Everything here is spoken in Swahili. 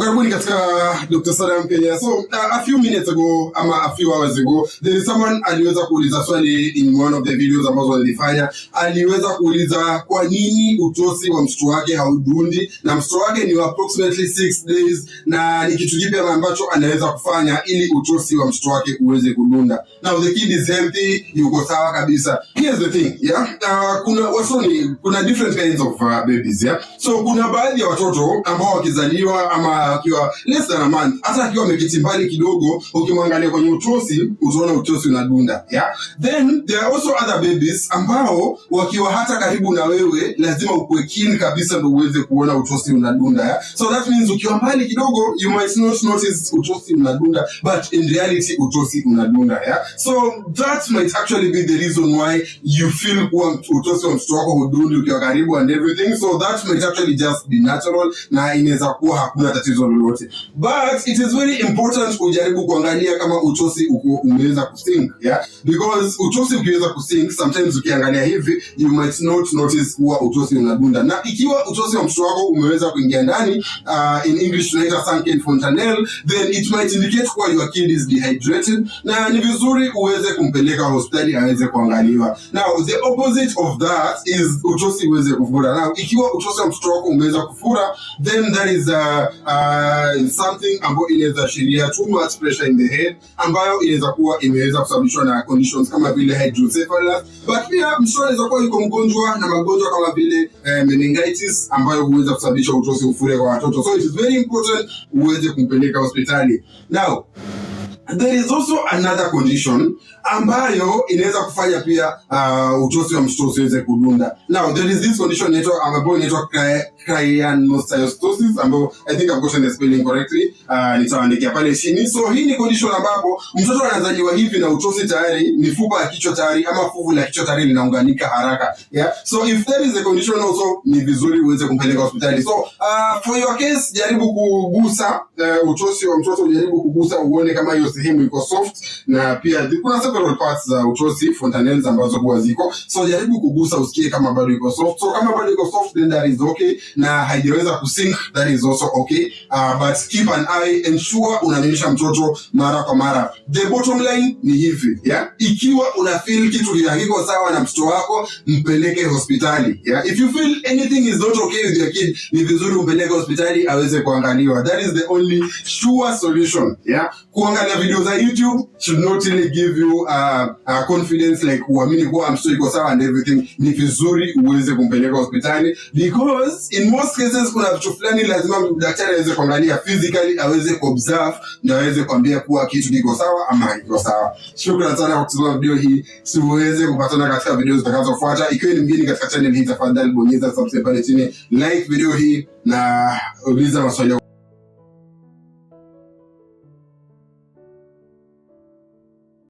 Karibuni katika Dr. Sada Mkenya. So uh, a few minutes ago ama a few hours ago there is someone aliweza kuuliza swali in one of the videos ambazo alifanya. Aliweza kuuliza kwa nini utosi wa mtoto wake haudundi na mtoto wake ni approximately six days, na ni kitu kipi ambacho anaweza kufanya ili utosi wa mtoto wake uweze kudunda. Now the kid is healthy, yuko sawa kabisa. Here's the thing, yeah? Uh, kuna wasoni, kuna different kinds of uh, babies, yeah? So kuna baadhi ya watoto ambao wakizaliwa ama akiwa less than a hata akiwa ameketi mbali kidogo, ukimwangalia kwenye utosi utaona utosi unadunda ya yeah. Then there are also other babies ambao wakiwa hata karibu na wewe lazima ukuwe keen kabisa ndio uweze kuona utosi unadunda ya yeah. So that means ukiwa mbali kidogo you might not notice utosi unadunda, but in reality utosi unadunda ya yeah. So that might actually be the reason why you feel kuwa utosi wa mtoto wako hudundi ukiwa karibu and everything, so that might actually just be natural na inaweza kuwa hakuna tatizo tatizo lolote, but it is very important ujaribu kuangalia kama uchosi uko umeweza kusink, yeah, because uchosi ukiweza kusink, sometimes ukiangalia hivi you might not notice kuwa uchosi unadunda, na ikiwa uchosi wa mtoto wako umeweza kuingia ndani, uh, in English tunaita sunken fontanel, then it might indicate kuwa your kid is dehydrated, na ni vizuri uweze kumpeleka hospitali aweze kuangaliwa. Now the opposite of that is uchosi uweze kufura. Now ikiwa uchosi wa mtoto wako umeweza kufura, then that is uh, uh, uh, something ambayo inaweza ashiria too much pressure in the head ambayo inaweza kuwa imeweza kusababishwa na conditions kama vile hydrocephalus, but pia mtoto anaweza kuwa yuko mgonjwa na magonjwa kama vile uh, meningitis ambayo huweza kusababisha utosi ufure kwa watoto, so it is very important uweze kumpeleka hospitali now. There is also another condition ambayo inaweza kufanya pia uh, utosi wa mtoto usiweze kudunda. Now there is this condition inaitwa ambayo inaitwa craniosynostosis ambayo I think I've gotten the spelling correctly. Uh, nitaandikia pale chini. So hii ni condition ambapo mtoto anazaliwa hivi na utosi tayari, mifupa ya kichwa tayari ama fuvu la kichwa tayari linaunganika haraka. Yeah. So if there is a condition also ni vizuri uweze kumpeleka hospitali. So uh, for your case jaribu kugusa uh, utosi wa mtoto, jaribu kugusa uone kama hiyo sehemu iko soft na pia kuna several parts za uh, utosi fontanels ambazo huwa ziko, so jaribu kugusa usikie kama bado iko soft. So kama bado iko soft then that is okay, na haijaweza kusink that is also okay. Uh, but keep an eye, ensure unanyonyesha mtoto mara kwa mara. The bottom line ni hivi yeah, ikiwa una feel kitu hakiko sawa na mtoto wako mpeleke hospitali yeah. If you feel anything is not okay with your kid, ni vizuri umpeleke hospitali aweze kuangaliwa. That is the only sure solution yeah. Kuangalia video za YouTube should not really give you uh, uh, confidence like uamini kuwa mtoto iko sawa and everything, ni vizuri uweze kumpeleka hospitali because in most cases kuna vitu fulani lazima daktari aweze kuangalia physically, aweze kuobserve na aweze kuambia kuwa kitu kiko sawa ama haiko sawa. Shukrani sana kwa kutazama video hii, siweze kupatana katika video zitakazofuata. Ikiwa ni mgeni katika channel hii, tafadhali bonyeza subscribe pale chini, like video hii na uliza maswali.